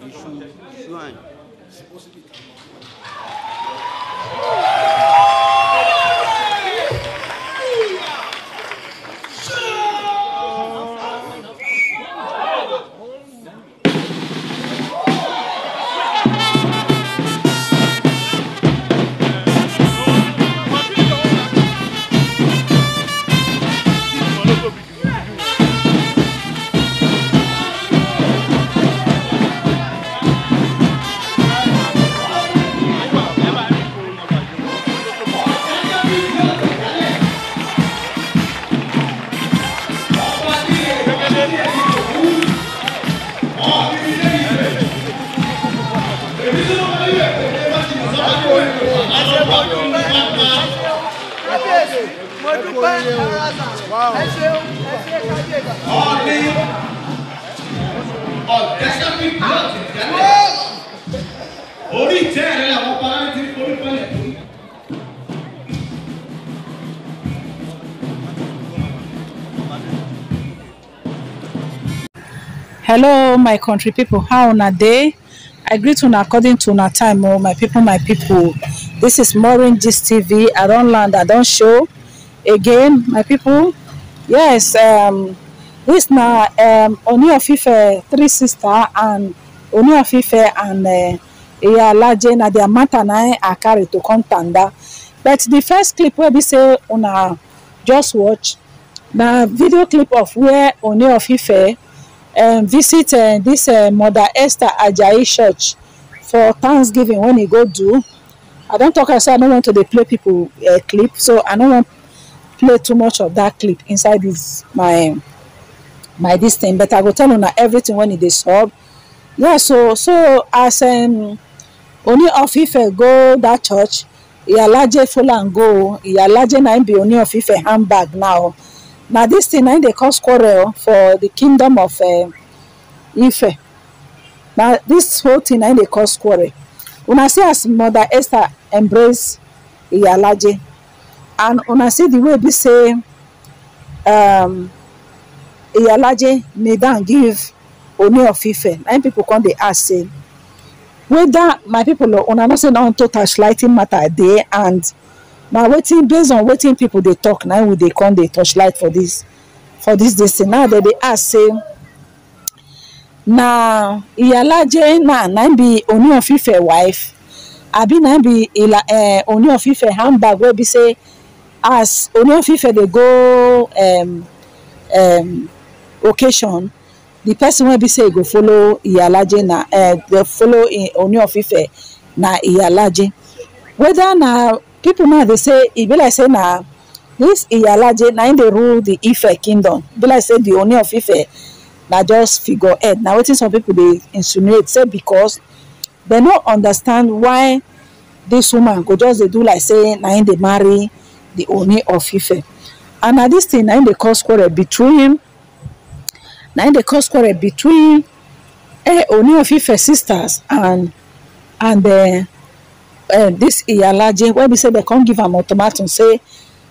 Bichu Chuan. hello my country people. how una dey i greet una according to una time Oh, my people, my people. this is maureen gist tv i don land i don show again my people. yes um, this na um, oni of ife three sister and oni of ife and uh, iya alaje na their matter na e i carry to come tanda but the first clip wey be say una just watch na video clip of where oni of ife um, visit uh, this uh, Mother Esther Ajayi Church for Thanksgiving when he go do. I don talk am say I no want to dey play people uh, clip so I no want play too much of that clip inside this my my this thing but I go tell una everything when e dey sub. Yeah so so as um, Ooni of go that church Iyalaje follow am go Iyalaje na im be Ooni of Ife handbag now na this thing na im dey cause quarrel for the kingdom of uh, ife Now this whole thing na they dey cause quarrel una see as mother esther embrace iyalaje and una see the way be say um, iyalaje kneel down give oni of ife na people come they ask say whether my people una know say na unto torchlighting matter there and na wetin based on wetin people dey talk na we dey come dey light for this for this this thing now dem dey ask say na iyalaje na na be oni of ife wife abi na be ila eh, oni of ife handbag wey be say as oni of ife dey go um, um, occasion the person wey be say e go follow iyalaje na eh, go follow oni of ife na iyalaje whether na pipo now dey say e be like say na this iyalaje na him dey rule di ife kingdom e be like say di oni of ife na just figure head na wetin some pipo dey insinuate say becos dem no understand why dis woman go just dey do like say na him dey marry di oni of ife. and na dis tin na im dey cause quarrel between na im dey cause quarrel between eh, oni of ife sisters and and dem. Eh, uh, this Iyalaje when we say they come give am ultimatum say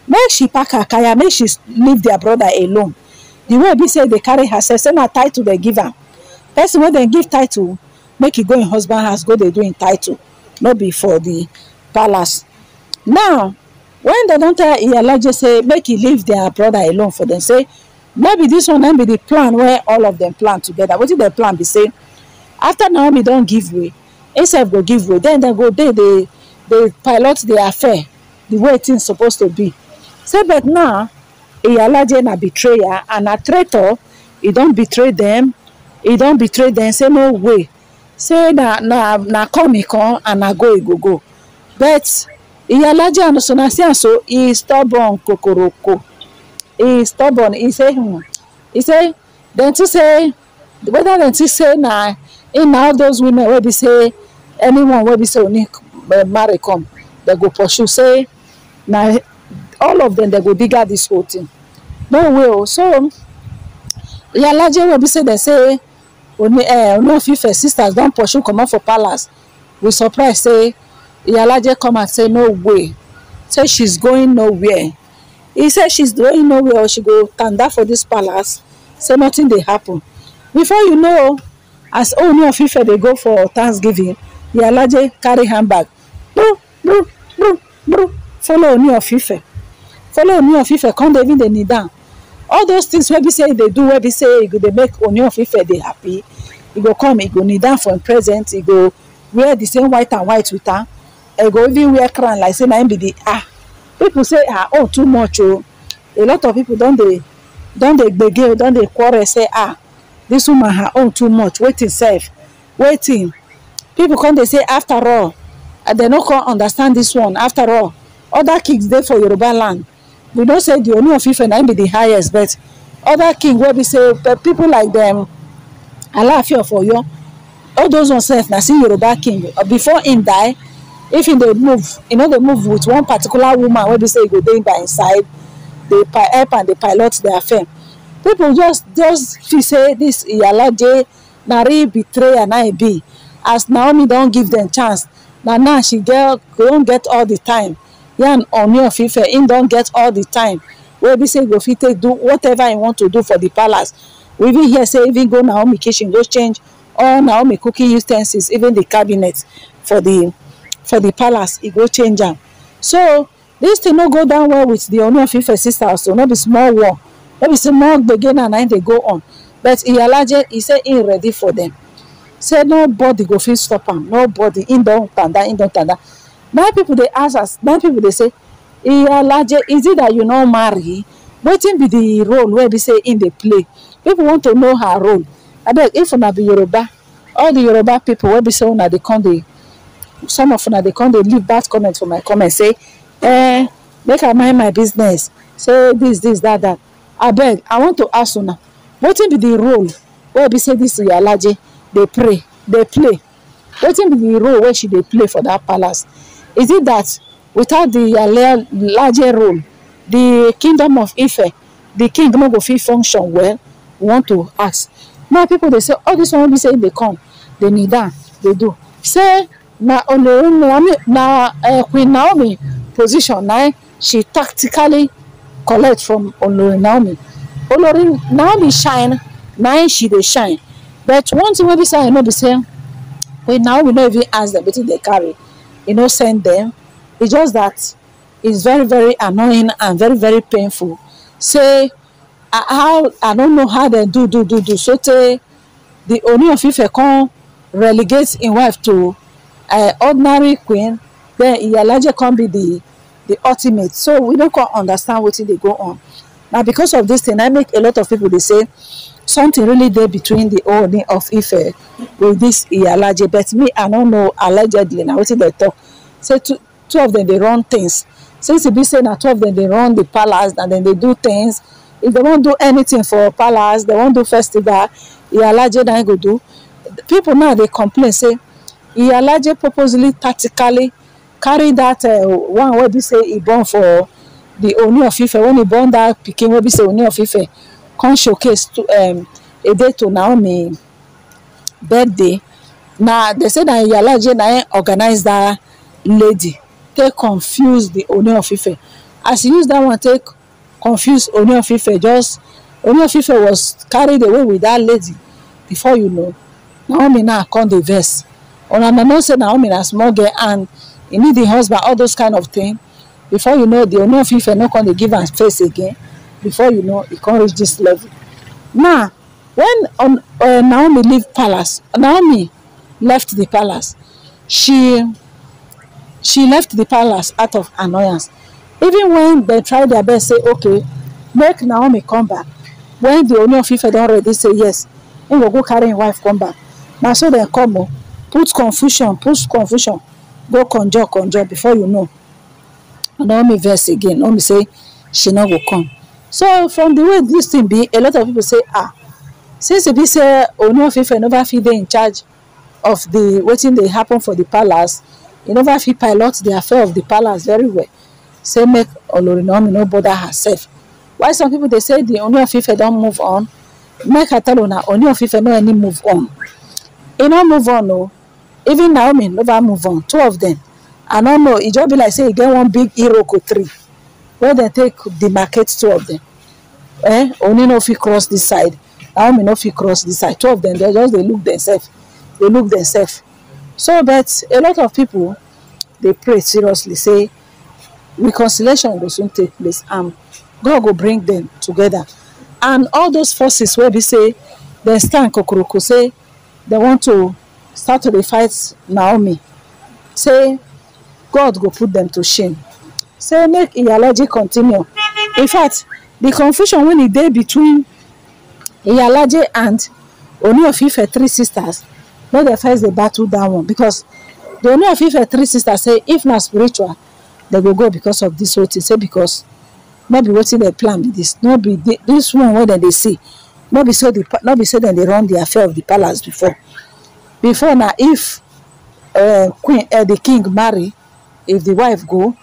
make she pack her kaya make she leave their brother alone the way be say dey carry herself say na title dey give am person wey dem give title make e go im husband house go dey do im title no be for the palace now when dem don tell Iyalaje say make e leave their brother alone for dem say maybe this one na be the plan wey all of dem plan together wetin dem plan be say after Naomi don give way himself go give way then dem go dey dey dey pilot the affair the way things suppose to be say but now iyalaje na betrayer and na traitor e don betray dem e don betray dem say no way say na na na come e come and na go e go go but iyalaje and sona see am so e stubborn kokoroko e stubborn e say hmm e say dem think say whether dem think say na in all those women wey be say anyone wey be say oni marry come dem go pursue say na all of dem dem go dig out dis whole thing no way o so yalaje wey be say dem say oni eh, onofife sisters don pursue comot for palace we surprise say yalaje come and say no way say she's going nowhere He say she's going nowhere or she go tanda for dis palace say nothing dey happen before you know as ooni of ife dey go for thanksgiving Yala J carry handbag. Bro, bro, bro, bro. Follow Ooni of Ife. Follow Ooni of Ife. Come David dey kneel down. All those things wey be say dey do, wey be say e go dey make oni of Ife dey happy. E go come, e go kneel down for im present. E go wear the same white and white with am. E go even wear crown like say na him be the ah. People say ah oh too much o. Oh. A lot of people don dey don dey gbege o, don dey quarrel say ah this woman her own too much. Wetin sef? Wetin? people come dey say after all they no come understand this one after all other kings dey for yoruba land we know say the only of ife na im be the highest but other king wey be say people like dem alaafin of oyo all those ones sef na still yoruba king before im die if im dey move e no dey move with one particular woman wey be say e go dey by im side dey help and dey pilot their firm people just just feel say dis iyalaje na real betrayal na e be as naomi don't give them chance na now she don't get all the time yan ooni of ife don't get all the time We be say go fit do whatever I want to do for the palace we even here say even go naomi kitchen go change all naomi cooking utensils even the cabinet for the for the palace It go change so this thing no go down well with the only of sister, sisters so not be small war Maybe small gbege and na im go on but alleged he say he ready for them. say nobody go fit stop am nobody im don tanda im don tanda na people dey ask us. na people dey say iyalaje is it that you no marry wetin be the role wey be say im dey play people want to know her role abeg if una be yoruba all the yoruba people wey be say una dey come dey some of una dey come dey leave bad comment for my comment say eh make i mind my business say this this that that abeg i want to ask una wetin be the role wey be say this iyalaje dey pray dey play wetin be the role wey she dey play for that palace is it that without the yale larger role the kingdom of ife the king no go fit function well we want to ask now people dey say all oh, this one wey be say e dey come dey kneel down dey do say na olori na uh, queen naomi position na eh, she tactically collect from olori naomi olori naomi shine na eh, she dey shine but one thing wey be say i know be say we now we no even ask them wetin they carry you know send them It's just that it's very very annoying and very very painful say uh, how i don't know how they do do do do so tey the Ooni of Ife come relegate im wife to uh, ordinary queen then Iyalaje come be the the ultimate so we don't understand what they go on na because of this thing i make a lot of people dey say something really dey between the owning of Ife with this Iyalaje but me i no know allegedly na wetin dem talk say two two of them, dey run things since e be say na two of them, dey run the palace and dem dey do things if dem wan do anything for palace dem wan do festival Iyalaje na go do people now dey complain say Iyalaje purposely tactically carry that uh, one wey be say e born for the Ooni of Ife when he born that pikin wey be say Ooni of Ife come showcase to um, Ede to Naomi birthday na they say na Iyalaje na him organize that lady take confuse the Ooni of Ife as he use that one take confuse Ooni of Ife just Ooni of Ife was carried away with that lady before you know Naomi now come dey vex una na know say Naomi na small girl and e need im husband all those kind of things before you know the Ooni of Ife no come dey give am face again before you know e come reach this level now when um, uh, Naomi leave palace Naomi left the palace she she left the palace out of annoyance even when they try their best say okay make Naomi come back when the Ooni of Ife don ready say yes im go go carry im wife come back na so dem come o oh. put confusion put confusion go conjure conjure before you know naomi vex again naomi say she no go come so from the way this thing be a lot of people say ah since e be say onu oh, of ife never fit dey in charge of the wetin dey happen for the palace e never fit pilot the affair of the palace very well say make olori naomi no bother herself Why some people dey say the onu of don move on make i tell una onu no any move on e no move on o oh. even naomi never move on two of them i no know it just be like say you get one big iroko tree wey they take the demarcate two of them. eh oni no you cross this side naomi no you cross this side two of them dey just they look themselves They look themselves so but a lot of people they pray seriously say reconciliation go soon take place Um, god go bring them together and all those forces where they say they stand kokoroko say they want to start to dey fight naomi say god go put them to shame say make iyalaji continue in fact the confusion when e day between iyalaje and oni of ife three sisters make the first they battle that one because the oni of ife three sisters say if not spiritual they go go because of this whole thing say because maybe be wetin dem plan be dis no be dis one wey dem dey see no be the no be say dem dey run the affair of the palace before before na if uh, queen uh, the king marry if the wife go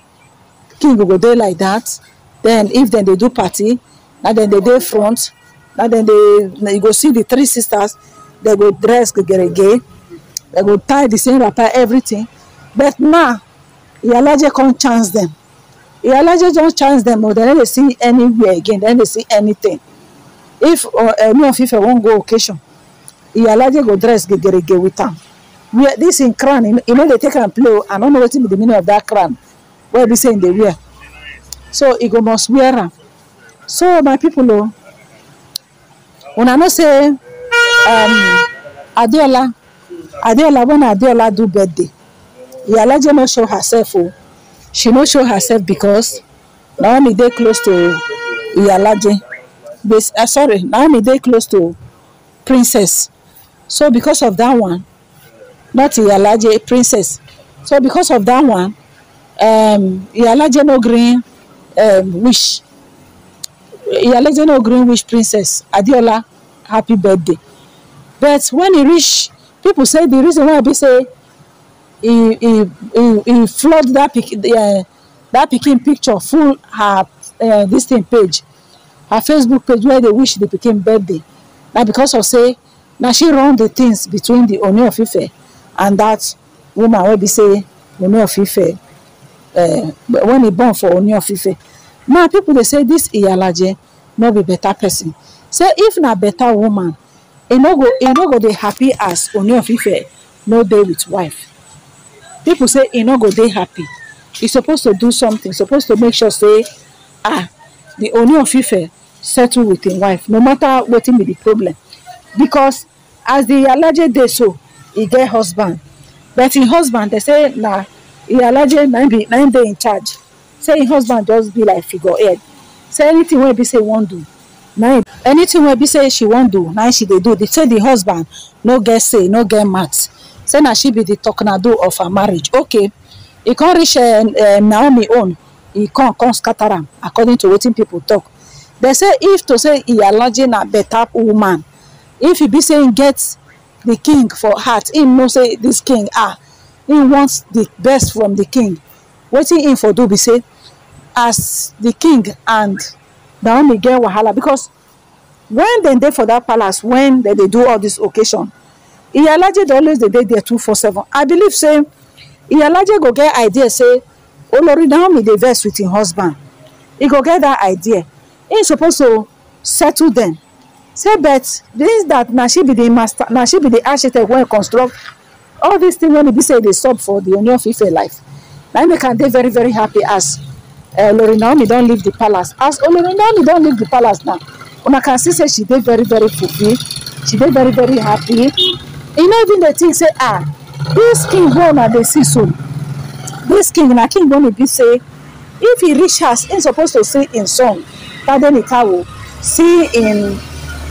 king go dey like that then if dem dey do party na dem dey dey front na dem dey you go see the three sisters dem go dress gege dem go tie the same wrapper everything but now iyalaje come chance dem iyalaje just chance dem o dem no dey see anywhere again dem no dey see anything if uh, uh, me of ife wan go occasion iyalaje go dress gege with am wear this im crown you know they take am play o i no know wetin be the meaning of that crown wey be say im dey wear so e go must wear am so my people oh, una know say um, adeola adeola when adeola do birthday Yalaje no show herself oh, she no show herself because naomi dey close to Yalaje. uh, sorry naomi dey close to princess so because of that one not Iyalaje, princess. So because of that one, um, Iyalaje no green um, wish. Iyalaje no green wish princess Adiola, happy birthday. But when he reach, people say the reason why be say he he he, he flood that pic uh, that pikin picture full her uh, this thing page, her Facebook page where they wish they became birthday. Now because of say now she run the things between the Ooni of Ife and that woman wey be say Ooni of Ife eh, when he born for Ooni of Ife now people dey say this Iyalaje no be better person So if na better woman e no go e no go dey happy as Ooni of Ife no dey with wife people say e no go dey happy e suppose to do something suppose to make sure say ah the Ooni of Ife settle with him wife no matter wetin be the problem because as the Iyalaje dey so He get husband but im husband dey say na alhaji na im dey in charge say im husband just be like figure head say anything wey be say e wan do na im anything wey be say she wan do na im she dey do say the husband no get say no get mouth say na she be the tornado of her marriage okay e come reach eh, eh, naomi own e come come scatter am according to wetin people talk, dem say if to say alhaji na beta woman if e be say im get the king for heart him know say this king ah him want the best from the king wetin him for do be say as the king and naomi get wahala because when dem dey for that palace when dem dey do all this occasion iyalaje dey always dey dey there two four seven i believe say iyalaje go get idea say olori naomi dey vex with im husband e go get that idea im suppose to settle dem say but means that na she be the master na she be the architect wey construct all these things wey e be say e dey sub for the Ooni of life na make am dey very very happy as uh, Lori Naomi don leave the palace as Olori Naomi don leave the palace now una can see say she dey very very happy. she dey very very happy e no even dey think say ah this king wey una dey see so this king na king wey e be say if he reach house he suppose to see im son Tadenikawo see in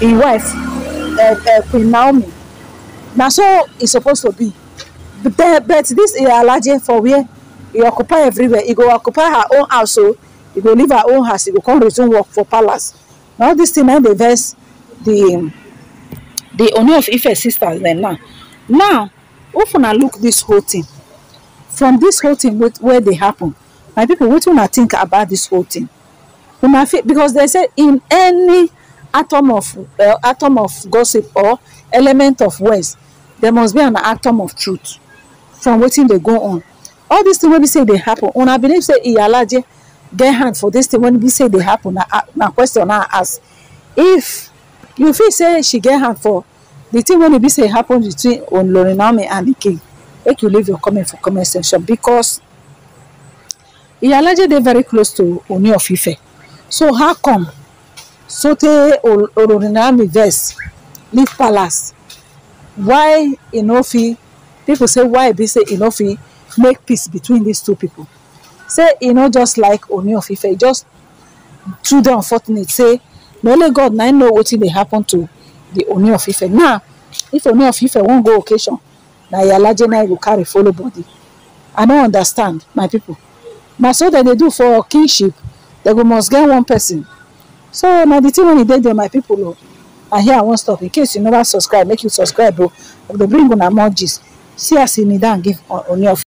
im wife uh, uh, Queen Naomi na so e suppose to be but, then, but this Alhaji for where e occupy everywhere e go occupy her own house o e go leave her own house e go come resume work for palace na all this thing na dey vex the the Ooni of Ife sisters dem now now if una look this whole thing from this whole thing wey wey dey happen my people wetin una think about this whole thing una fit because they say in any atom of uh, atom of gossip or element of words there must be an atom of truth from wetin dey go on all dis thing wey be say dey happen una believe say iyalaje get hand for dis thing wey be say dey happen na ah, na question i ask if you feel say she get hand for the thing wey be say happen between Olori Naomi and the king make you leave your comment for comment section because Iyalaje dey very close to Ooni of Ife so how come sotee oronirami vex leave palace why e no fit people say why e be say e no fit make peace between these two people say e no just like Ooni of Ife e just too dey unfortunate say na only God na know wetin dey happen to the Ooni of now if Ooni of Ife wan go occasion na yalaje na go carry follow body i no understand my people na so dem dey do for kingship dem go must get one person so na the thing wey dey there my people o oh, and here i wan stop in case you never subscribe make you subscribe o i go bring una more gist see as e kneel down give onion